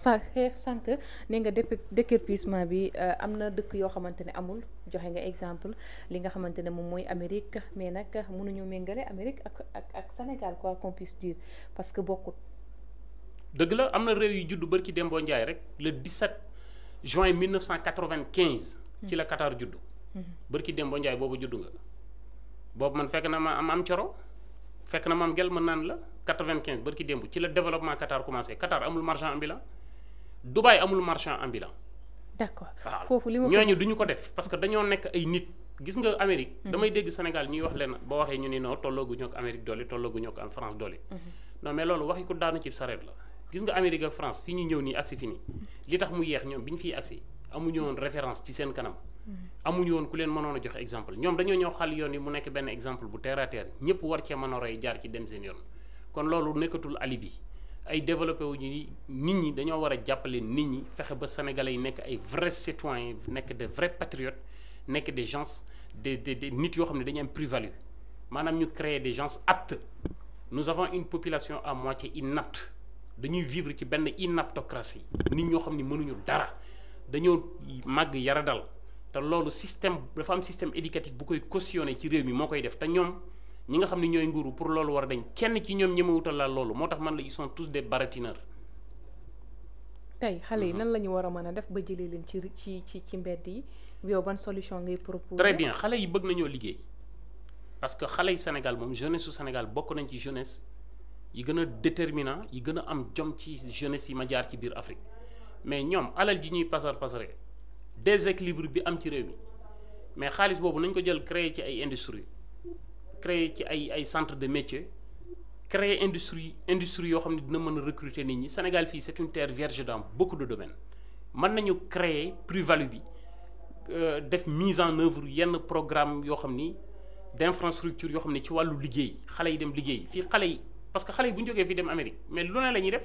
sa xeex sànq ne nga dép décurpissement bi euh, am yo dëkk yoo amul joxe nga exemple li nga xamante Amerika, moom mooy Amérique Amerika nag mënuñu méngale Amérique ak ak ak Sénégal quoi qu'on puisse dire parce que la yu Dembo rek le 17 juin 1995 hmm. ci la Qatar juddu hmm. bërki Dembo Ndiaye boobu judo nga boobu man fekk na ma am am fekk na maam gel mën la ci développement Qatar commencé Qatar amul marchand ambulant Dubaï amul marchand ambulant d'accord foofu li duñu parce que dañoo sommes ay nit gis nga Amérique mhm. Sénégal ñuy wax leen boo Amérique France doole mhm. non mais loolu waxi ci la gis nga Amérique ak France fi ñu mhm. li tax mu amuñu référence ci sen kanam. amuñu woon ku leen mënoon joxe exemple ñom dañu ñow xal yoon yi mu nekk ben exemple bu terre à terre war ci mëno a roy jaar ci dem sen yoon kon loolu nekkatul alibi ay développé wu ñu nit ñi dañoo wara a nit ñi fexé ba sénégalais yi nekk ay vrais citoyens nekk des vrais patriotes nekk des gens des des de nit yo xam dañu am plus manam ñu créer des gens aptes nous avons une population à moitié inapte dañuy vivre ci ben inaptocratie nit ñoo xamni mënuñu dara. dañoo màgg yara dal te loolu système dafa am système éducatif bu koy cautionné ci réew mi moo koy def te ñoom ñi nga xam ne ñooy nguuru pour loolu war a dañ kenn ci ñoom wutal la loolu moo tax man la ils sont tous des baratineurs. tey xale yi mhm. nan la ñu war a mën a def ba jëlee leen ci ci ci ci mbedd yi ban solution ngay proposer. très bien xale yi bëgg nañoo liggéey parce que xale yi Sénégal moom jeunesse su Sénégal bokk nañ ci jeunesse yi gën a déterminant yi gën a am jom ci jeunesse yi ma jaar ci biir Afrique. mais ñom alal ji ñuy passer passeré déséquilibre bi am ci réew mi mais xaalis bobu nañ ko jël créer ci ay industrie créer ci ay ay centre de métier créer industrie industrie yo xamni ne dina mëna recruter nit ñi Sénégal fi c'est une terre vierge dans beaucoup de domaines mën nañu créer plus-value bi euh, def mise en œuvre yenn programme yo xamni d'infrastructure yo xamni ci walu liggéey xalé yi dem liggéey fi xalé yi parce que xalé yi bu ñu jógee fii dem Amérique mais lu ne lañuy def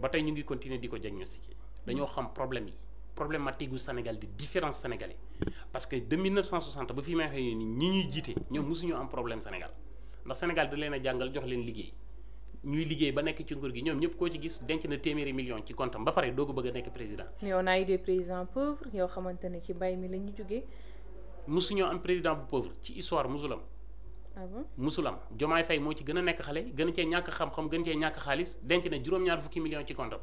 ba tey ñu ngi continuer faire, diagnostiquer problème yi problématique Sénégal de différence sénégalais parce que de 1960 ba fi may ni ñi ñuy problème Sénégal ndax Sénégal da leen jangal jox leen liggéey ñuy liggéey ba Nous ci nguur gi ñom ko ci gis denc na ci ba bëgg président. des présidents pauvres yoo ci bay mi lañu ñu jógee. am président pauvre ci histoire musulam Ah musul am jomaay fey moo ci gën a nekk xale gën a cee ñàkk xam-xam gën cee ñàkk xaalis denc na juróom-ñaar fukki million ci compte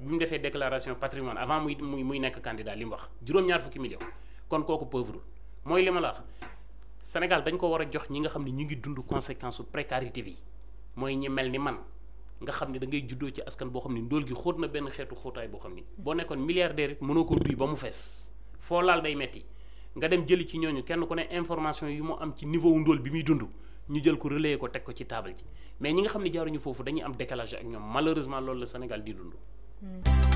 bi mu defee déclaration patrimoine avant muy muy muy nekk candidat li mu wax juróom-ñaar fukki million kon kooku pauvre mooy li ma la Sénégal dañ ko war a jox ñi nga xam ne ñu ngi dund conséquence su précarité bi mooy ñi mel ni man nga xam ne dangay ngay juddoo ci askan boo xam ne ndóol gi xóot na benn xeetu xóotaay boo xam ni boo nekkoon milliardaire it mënoo ko duy ba mu fees foo laal day metti nga dem jëli ci ñooñu kenn ku ne information yi mu am ci niveau wu bi muy dund ñu jël ko relayer ko teg ko ci table ji mais ñi nga xam ne jaaruñu foofu dañuy am décalage ak ñoom malheureusement loolu la Sénégal di dund. Hmm.